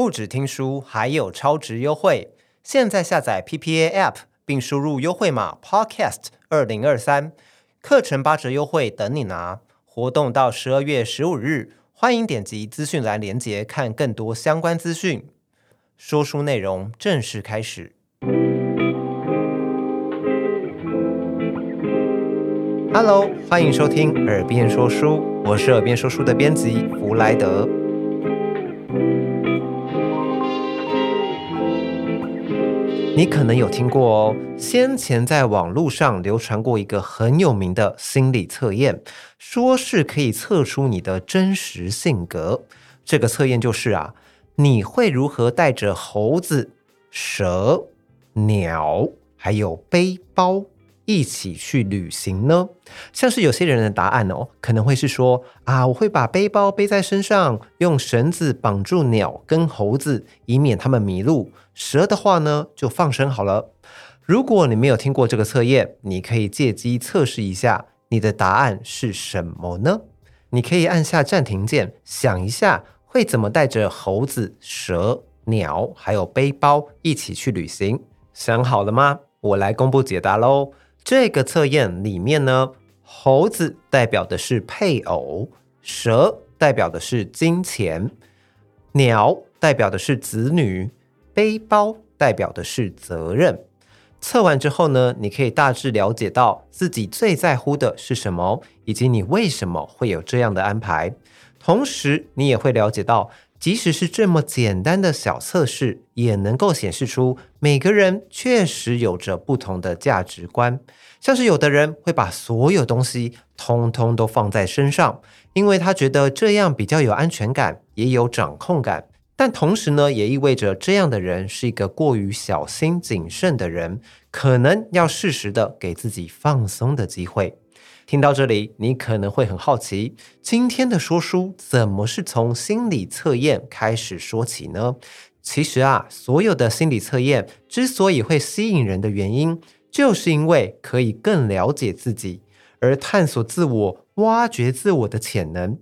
不止聽書，還有超值優惠！現在下載 P P A App，並輸入優惠碼 Podcast 二零二三，課程八折優惠等你拿！活動到十二月十五日，歡迎點擊資訊欄鏈接看更多相關資訊。說書內容正式開始。哈嘍，歡迎收聽《耳邊說書》，我是《耳邊說書》的編輯弗萊德。你可能有聽過哦，先前在網絡上流傳過一個很有名的心理測驗，說是可以測出你的真實性格。這個測驗就是啊，你會如何帶着猴子、蛇、鳥，還有背包，一起去旅行呢？像是有些人的答案哦，可能會是說啊，我會把背包背在身上，用繩子綁住鳥跟猴子，以免它們迷路。蛇的話呢，就放生好了。如果你沒有聽過這個測驗，你可以借機測試一下，你的答案是什麼呢？你可以按下暫停鍵，想一下會怎麼帶着猴子、蛇、鳥還有背包一起去旅行。想好了嗎？我來公布解答嘍。這個測驗裡面呢，猴子代表的是配偶，蛇代表的是金錢，鳥代表的是子女，背包代表的是責任。測完之後呢，你可以大致了解到自己最在乎的是什麼，以及你為什麼會有這樣的安排。同時，你也會了解到。即使是這麼簡單的小測試，也能夠顯示出每個人確實有着不同的價值觀。像是有的人會把所有東西通通都放在身上，因為他覺得這樣比較有安全感，也有掌控感。但同時呢，也意味着這樣的人是一個過於小心謹慎的人，可能要適時的給自己放鬆的機會。聽到這裡，你可能會很好奇，今天的說書怎麼是從心理測驗開始說起呢？其實啊，所有的心理測驗之所以會吸引人的原因，就是因為可以更了解自己，而探索自我、挖掘自我的潛能，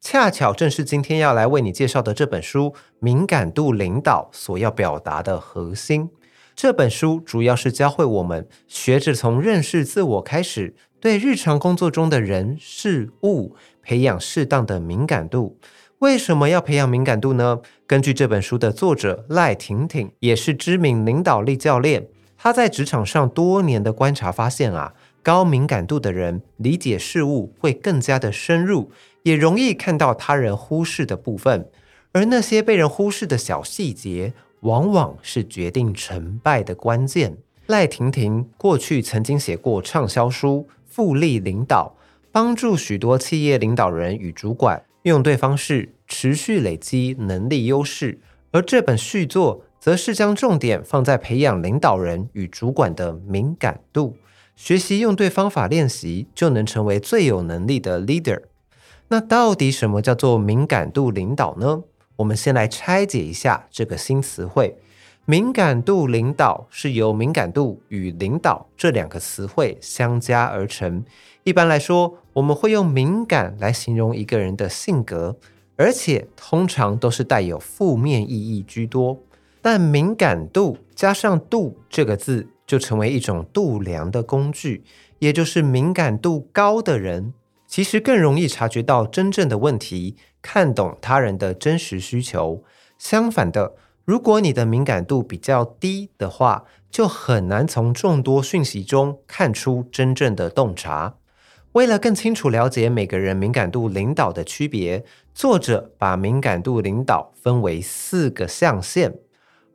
恰巧正是今天要來為你介紹的這本書《敏感度領導》所要表達的核心。這本書主要是教會我們，學着從認識自我開始，對日常工作中的人事物培養適當的敏感度。為什麼要培養敏感度呢？根據這本書的作者賴婷婷，也是知名領導力教練，她在職場上多年的觀察發現啊，高敏感度的人理解事物會更加的深入，也容易看到他人忽視的部分。而那些被人忽視的小細節，往往是決定成敗的關鍵。賴婷婷過去曾經寫過暢銷書。複利領導幫助許多企業領導人與主管用對方式持續累積能力優勢，而這本續作則是將重點放在培養領導人與主管的敏感度，學習用對方法練習，就能成為最有能力的 leader。那到底什麼叫做敏感度領導呢？我們先來拆解一下這個新詞彙。敏感度領導是由敏感度與領導這兩個詞彙相加而成。一般來說，我們會用敏感來形容一個人的性格，而且通常都是帶有負面意義居多。但敏感度加上度這個字，就成為一種度量的工具。也就是敏感度高的人，其實更容易察覺到真正的問題，看懂他人的真實需求。相反的。如果你的敏感度比較低的話，就很難從眾多訊息中看出真正的洞察。為了更清楚了解每個人敏感度領導的區別，作者把敏感度領導分為四個象限，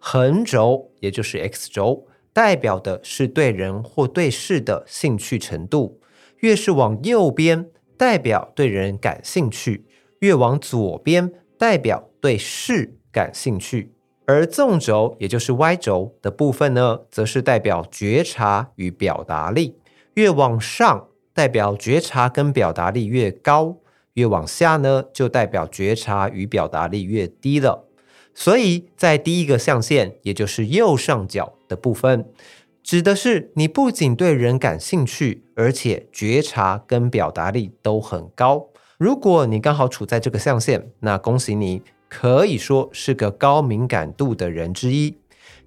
橫軸也就是 X 軸，代表的是對人或對事的興趣程度，越是往右邊，代表對人感興趣；越往左邊，代表對事感興趣。而縱軸，也就是 Y 軸的部分呢，則是代表覺察與表達力。越往上，代表覺察跟表達力越高；越往下呢，就代表覺察與表達力越低了。所以在第一個象限，也就是右上角的部分，指的是你不僅對人感興趣，而且覺察跟表達力都很高。如果你剛好處在這個象限，那恭喜你。可以說是個高敏感度的人之一。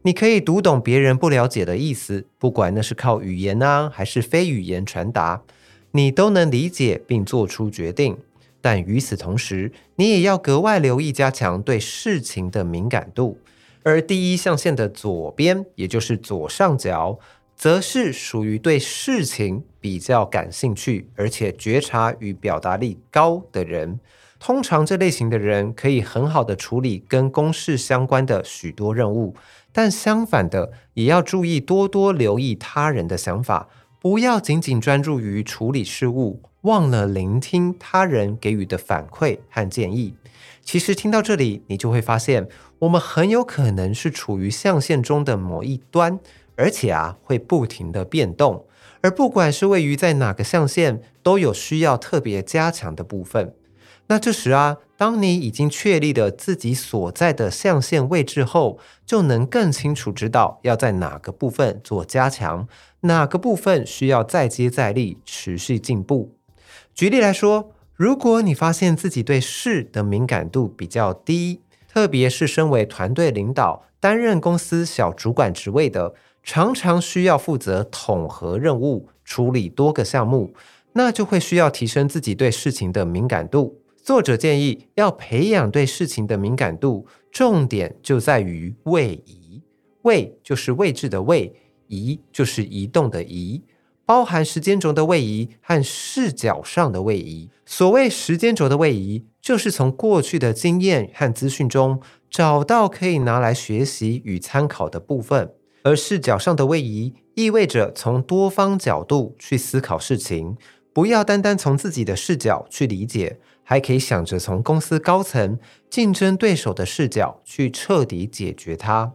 你可以讀懂別人不了解的意思，不管那是靠語言呢、啊，還是非語言傳達，你都能理解並做出決定。但與此同時，你也要格外留意，加強對事情的敏感度。而第一象限的左邊，也就是左上角，則是屬於對事情比較感興趣，而且覺察與表達力高的人。通常這類型的人可以很好的處理跟公事相關的許多任務，但相反的也要注意多多留意他人的想法，不要僅僅專注於處理事務，忘了聆聽他人給予的反饋和建議。其實聽到這裡，你就會發現我們很有可能是處於象限中的某一端，而且啊會不停的變動，而不管是位於在哪個象限，都有需要特別加強的部分。那這時啊，當你已經確立了自己所在的象限位置後，就能更清楚知道要在哪個部分做加強，哪個部分需要再接再厲，持續進步。舉例來說，如果你發現自己對事的敏感度比較低，特別是身為團隊領導、擔任公司小主管職位的，常常需要負責統合任務、處理多個項目，那就會需要提升自己對事情的敏感度。作者建議要培養對事情的敏感度，重點就在於位移。位就是位置的位，移就是移動的移，包含時間軸的位移和視角上的位移。所謂時間軸的位移，就是從過去的經驗和資訊中找到可以拿來學習與參考的部分；而視角上的位移，意味着從多方角度去思考事情，不要單單從自己的視角去理解。還可以想着從公司高層、競爭對手的視角去徹底解決它。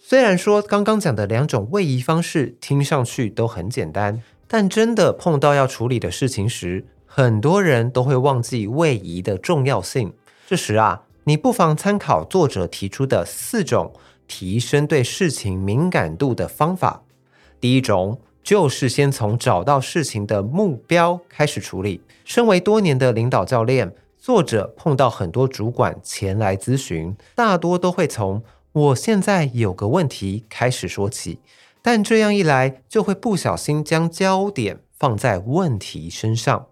雖然說剛剛講的兩種位移方式聽上去都很簡單，但真的碰到要處理的事情時，很多人都會忘記位移的重要性。這時啊，你不妨參考作者提出的四種提升對事情敏感度的方法。第一種。就是先從找到事情的目標開始處理。身為多年的領導教練，作者碰到很多主管前來諮詢，大多都會從“我現在有個問題”開始說起。但這樣一來，就會不小心將焦點放在問題身上。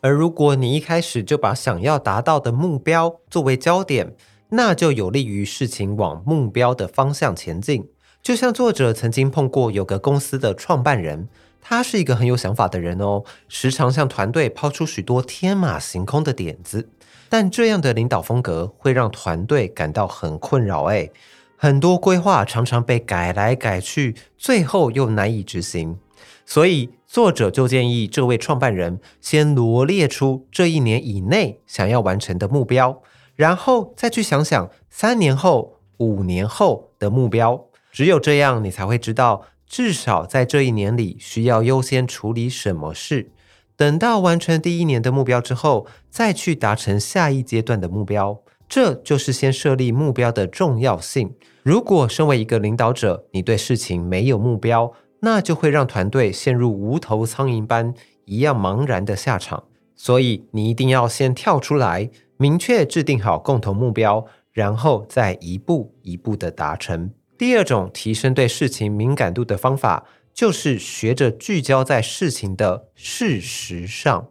而如果你一開始就把想要達到的目標作為焦點，那就有利於事情往目標的方向前進。就像作者曾經碰過有個公司的創辦人，他是一個很有想法的人哦，時常向團隊拋出許多天馬行空的點子。但這樣的領導風格會讓團隊感到很困擾，哎，很多規劃常常被改來改去，最後又難以執行。所以作者就建議這位創辦人先羅列出這一年以內想要完成的目標，然後再去想想三年後、五年後的目標。只有這樣，你才會知道，至少在這一年裡需要優先處理什麼事。等到完成第一年的目標之後，再去達成下一階段的目標。這就是先設立目標的重要性。如果身為一個領導者，你對事情沒有目標，那就會讓團隊陷入無頭蒼蠅般一樣茫然的下場。所以，你一定要先跳出來，明確制定好共同目標，然後再一步一步地達成。第二種提升對事情敏感度的方法，就是學着聚焦在事情的事實上。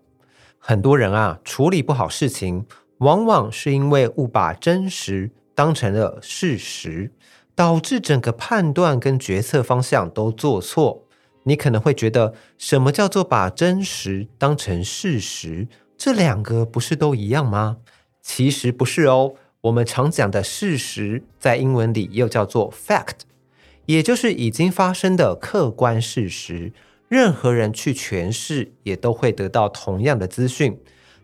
很多人啊，處理不好事情，往往是因為誤把真實當成了事實，導致整個判斷跟決策方向都做錯。你可能會覺得，什麼叫做把真實當成事實？這兩個不是都一樣嗎？其實不是哦。我們常講的事實，在英文裡又叫做 fact，也就是已經發生的客觀事實，任何人去詮釋也都會得到同樣的資訊。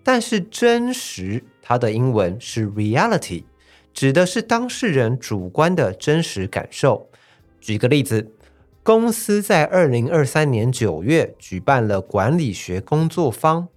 但是真實，它的英文是 reality，指的是當事人主觀的真實感受。舉個例子，公司在2023年九月舉辦了管理學工作坊，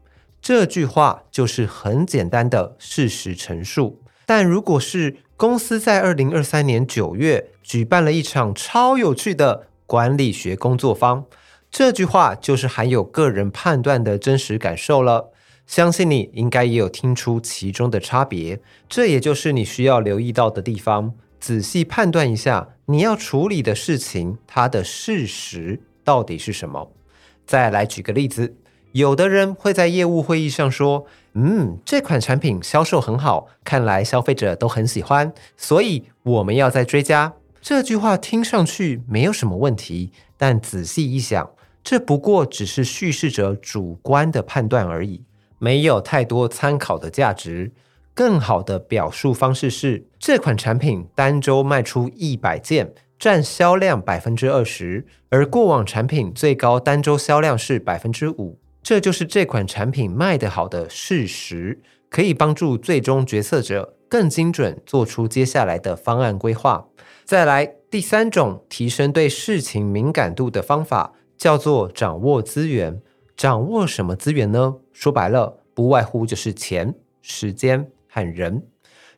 這句話就是很簡單的事實陳述。但如果是公司在二零二三年九月舉辦了一場超有趣的管理學工作坊，這句話就是含有個人判斷的真實感受了。相信你應該也有聽出其中的差別，這也就是你需要留意到的地方。仔細判斷一下你要處理的事情，它的事實到底是什麼？再來舉個例子。有的人會在業務會議上說：“嗯，這款產品銷售很好，看來消費者都很喜歡，所以我們要再追加。”這句話聽上去沒有什麼問題，但仔細一想，這不過只是敘事者主觀的判斷而已，沒有太多參考的價值。更好的表述方式是：這款產品單週賣出一百件，佔銷量百分之二十，而過往產品最高單週銷量是百分之五。這就是這款產品賣得好的事實，可以幫助最終決策者更精準做出接下來的方案規劃。再來第三種提升對事情敏感度的方法，叫做掌握資源。掌握什麼資源呢？說白了，不外乎就是錢、時間和人。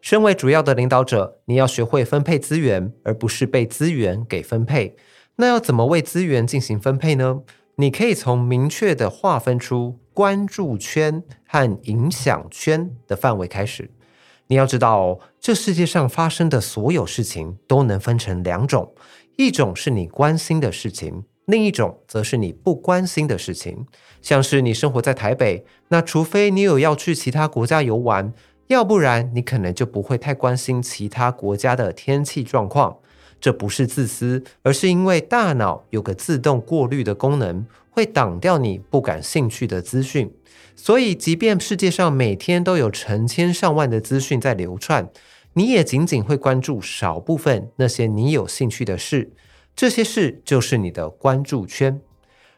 身為主要的領導者，你要學會分配資源，而不是被資源給分配。那要怎麼為資源進行分配呢？你可以從明確的劃分出關注圈和影響圈的範圍開始。你要知道哦，這世界上發生的所有事情都能分成兩種：一種是你關心的事情，另一種則是你不關心的事情。像是你生活在台北，那除非你有要去其他國家遊玩，要不然你可能就不會太關心其他國家的天氣狀況。這不是自私，而是因為大腦有個自動過濾的功能，會擋掉你不感興趣的資訊。所以，即便世界上每天都有成千上萬的資訊在流竄，你也僅僅會關注少部分那些你有興趣的事。這些事就是你的關注圈。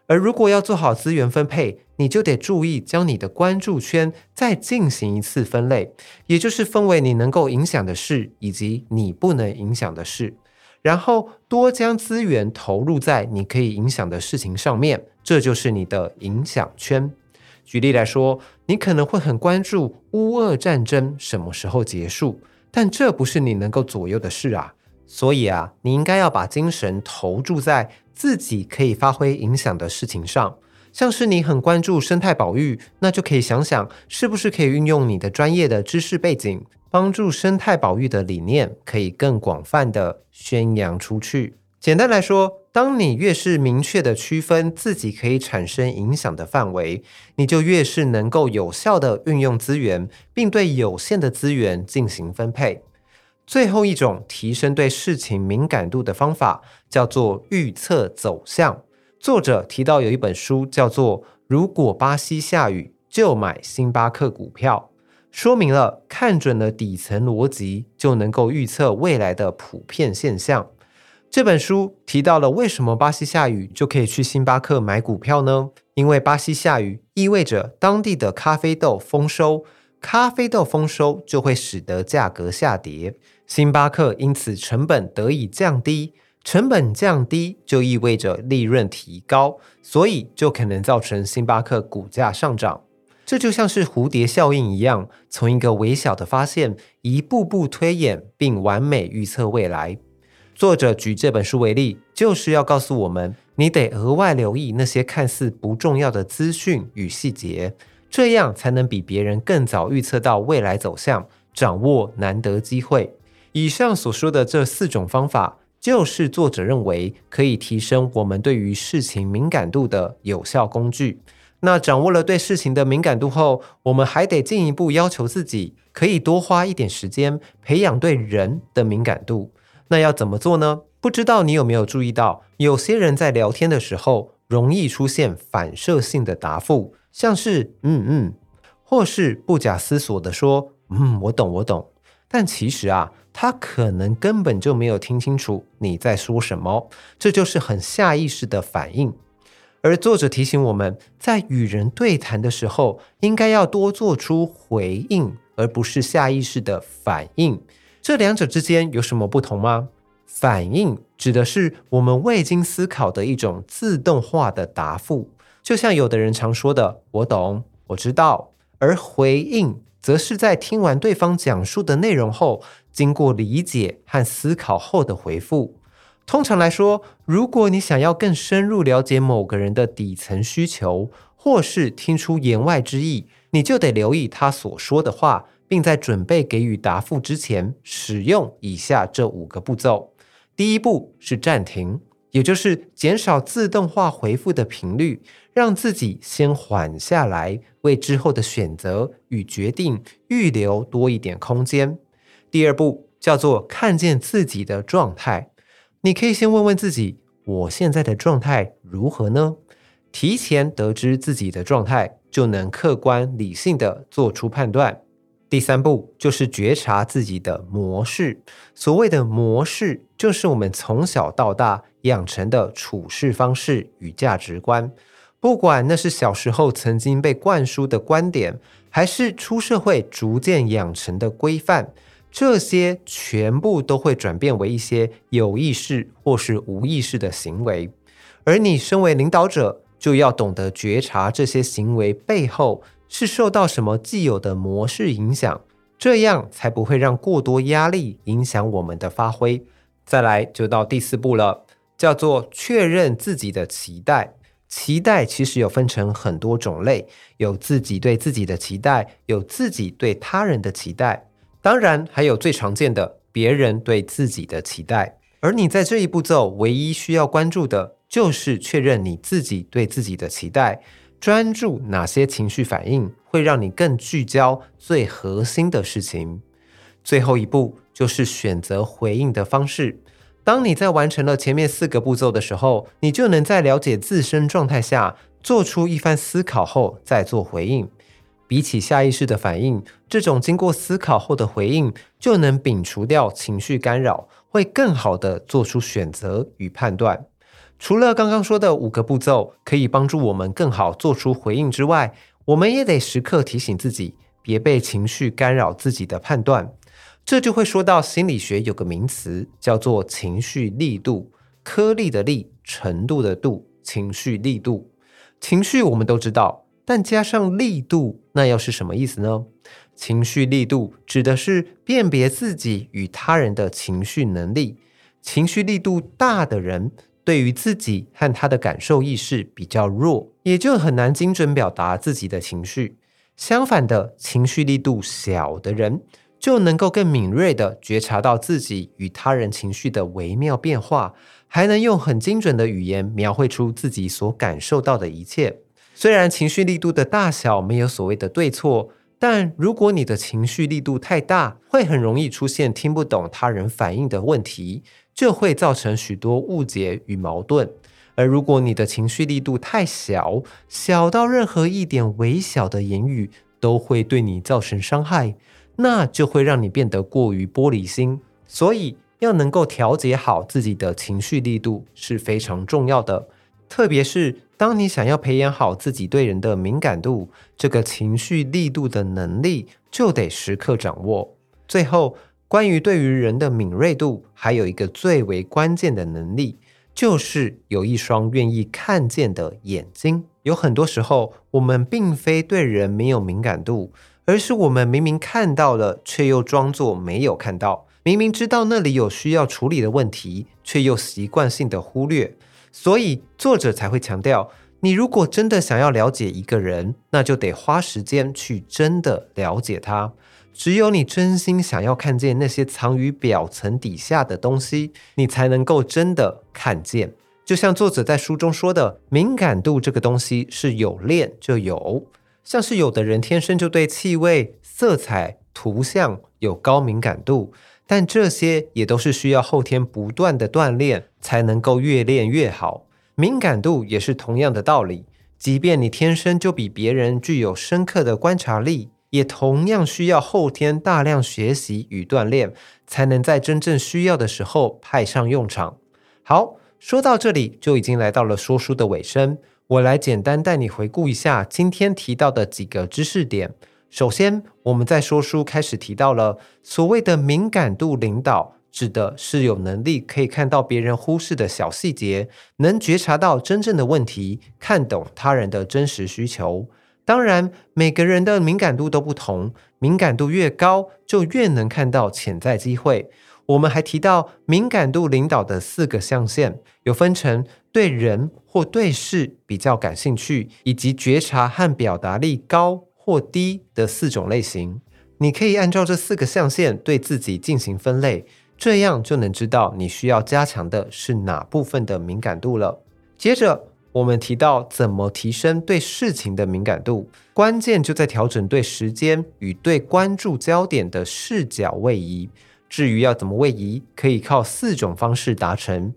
而如果要做好資源分配，你就得注意將你的關注圈再進行一次分類，也就是分為你能夠影響的事以及你不能影響的事。然後多將資源投入在你可以影響的事情上面，這就是你的影響圈。舉例來說，你可能會很關注烏俄戰爭什麼時候結束，但這不是你能夠左右的事啊。所以啊，你應該要把精神投注在自己可以發揮影響的事情上，像是你很關注生態保育，那就可以想想是不是可以運用你的專業的知識背景。幫助生態保育的理念可以更廣泛地宣揚出去。簡單來說，當你越是明確地區分自己可以產生影響的範圍，你就越是能夠有效地運用資源，並對有限的資源進行分配。最後一種提升對事情敏感度的方法叫做預測走向。作者提到有一本書叫做《如果巴西下雨，就買星巴克股票》。說明了看準了底層邏輯，就能夠預測未來的普遍現象。這本書提到了為什麼巴西下雨就可以去星巴克買股票呢？因為巴西下雨意味着當地的咖啡豆豐收，咖啡豆豐收就會使得價格下跌，星巴克因此成本得以降低，成本降低就意味着利潤提高，所以就可能造成星巴克股價上漲。這就像是蝴蝶效應一樣，從一個微小的發現一步步推演，並完美預測未來。作者舉這本書為例，就是要告訴我們，你得額外留意那些看似不重要的資訊與細節，這樣才能比別人更早預測到未來走向，掌握難得機會。以上所說的這四種方法，就是作者認為可以提升我們對於事情敏感度的有效工具。那掌握了對事情的敏感度後，我們還得進一步要求自己，可以多花一點時間培養對人的敏感度。那要怎麼做呢？不知道你有沒有注意到，有些人在聊天的時候容易出現反射性的答覆，像是嗯嗯，或是不假思索地說嗯我懂我懂。但其實啊，他可能根本就沒有聽清楚你在說什麼，這就是很下意識的反應。而作者提醒我們，在與人對談的時候，應該要多做出回應，而不是下意識的反應。這兩者之間有什麼不同嗎？反應指的是我們未經思考的一種自動化的答覆。就像有的人常說的，我懂，我知道。而回應則是在聽完對方講述的內容後，經過理解和思考後的回復。通常來說，如果你想要更深入了解某個人的底層需求，或是聽出言外之意，你就得留意他所說的話，並在準備給予答復之前，使用以下這五個步驟。第一步是暫停，也就是減少自動化回復的頻率，讓自己先緩下來，為之後的選擇與決定預留多一點空間。第二步叫做看見自己的狀態。你可以先問問自己，我現在的狀態如何呢？提前得知自己的狀態，就能客觀理性地做出判斷。第三步就是覺察自己的模式。所謂的模式，就是我們從小到大養成的處事方式與價值觀。不管那是小時候曾經被灌輸的觀點，還是出社會逐漸養成的規範。這些全部都會轉變為一些有意識或是無意識的行為，而你身為領導者，就要懂得覺察這些行為背後是受到什麼既有的模式影響，這樣才不會讓過多壓力影響我們的發揮。再來就到第四步了，叫做確認自己的期待。期待其實有分成很多種類，有自己對自己的期待，有自己對他人的期待。當然，還有最常見的別人對自己的期待。而你在這一步驟唯一需要關注的，就是確認你自己對自己的期待，專注哪些情緒反應會讓你更聚焦最核心的事情。最後一步就是選擇回應的方式。當你在完成了前面四個步驟的時候，你就能在了解自身狀態下，做出一番思考後再做回應。比起下意識的反應，這種經過思考後的回應就能摒除掉情緒干擾，會更好的做出選擇與判斷。除了剛剛說的五個步驟可以幫助我們更好做出回應之外，我們也得時刻提醒自己，別被情緒干擾自己的判斷。這就會說到心理學有個名詞叫做“情緒粒度”，顆粒的粒，程度的度，情緒粒度。情緒我們都知道。但加上力度，那又是什麼意思呢？情緒力度指的是辨別自己與他人的情緒能力。情緒力度大的人，對於自己和他的感受意識比較弱，也就很難精準表達自己的情緒。相反的，情緒力度小的人，就能夠更敏銳地覺察到自己與他人情緒的微妙變化，還能用很精準的語言描繪出自己所感受到的一切。雖然情緒力度的大小沒有所謂的對錯，但如果你的情緒力度太大，會很容易出現聽不懂他人反應的問題，就會造成許多誤解與矛盾；而如果你的情緒力度太小，小到任何一點微小的言語都會對你造成傷害，那就會讓你變得過於玻璃心。所以，要能夠調節好自己的情緒力度是非常重要的。特別是當你想要培養好自己對人的敏感度，這個情緒力度的能力就得時刻掌握。最後，關於對於人的敏銳度，還有一個最為關鍵的能力，就是有一雙願意看見的眼睛。有很多時候，我們並非對人沒有敏感度，而是我們明明看到了，卻又裝作沒有看到。明明知道那裡有需要處理的問題，卻又習慣性的忽略。所以作者才會強調，你如果真的想要了解一個人，那就得花時間去真的了解他。只有你真心想要看見那些藏於表層底下的東西，你才能夠真的看見。就像作者在書中說的，敏感度這個東西是有練就有，像是有的人天生就對氣味、色彩、圖像有高敏感度。但這些也都是需要後天不斷地鍛鍊，才能夠越練越好。敏感度也是同樣的道理，即便你天生就比別人具有深刻的觀察力，也同樣需要後天大量學習與鍛鍊，才能在真正需要的時候派上用場。好，說到這裡，就已經來到了說書的尾聲。我來簡單帶你回顧一下今天提到的幾個知識點。首先，我們在說書開始提到了所謂的敏感度領導，指的是有能力可以看到別人忽視的小細節，能覺察到真正的問題，看懂他人的真實需求。當然，每個人的敏感度都不同，敏感度越高，就越能看到潛在機會。我們還提到敏感度領導的四個象限，有分成對人或對事比較感興趣，以及覺察和表達力高或低的四種類型，你可以按照這四個象限對自己進行分類，這樣就能知道你需要加強的是哪部分的敏感度了。接着，我們提到怎麼提升對事情的敏感度，關鍵就在調整對時間與對關注焦點的視角位移。至於要怎麼位移，可以靠四種方式達成，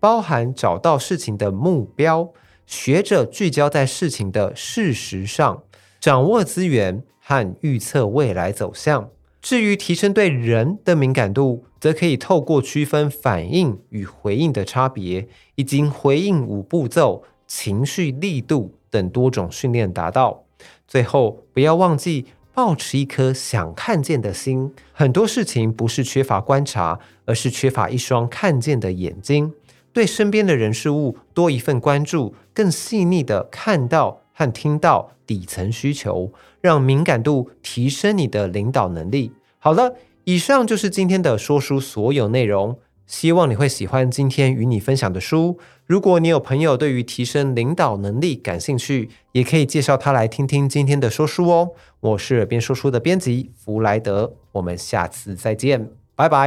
包含找到事情的目標，學着聚焦在事情的事實上。掌握資源和預測未來走向。至於提升對人的敏感度，則可以透過區分反應與回應的差別，以及回應五步驟、情緒力度等多種訓練達到。最後，不要忘記保持一顆想看見的心。很多事情不是缺乏觀察，而是缺乏一雙看見的眼睛。對身邊的人事物多一份關注，更細膩地看到。和聽到底層需求，讓敏感度提升你的領導能力。好了，以上就是今天的說書所有內容。希望你會喜歡今天與你分享的書。如果你有朋友對於提升領導能力感興趣，也可以介紹他來聽聽今天的說書哦。我是耳邊說書的編輯弗萊德，我們下次再見，拜拜。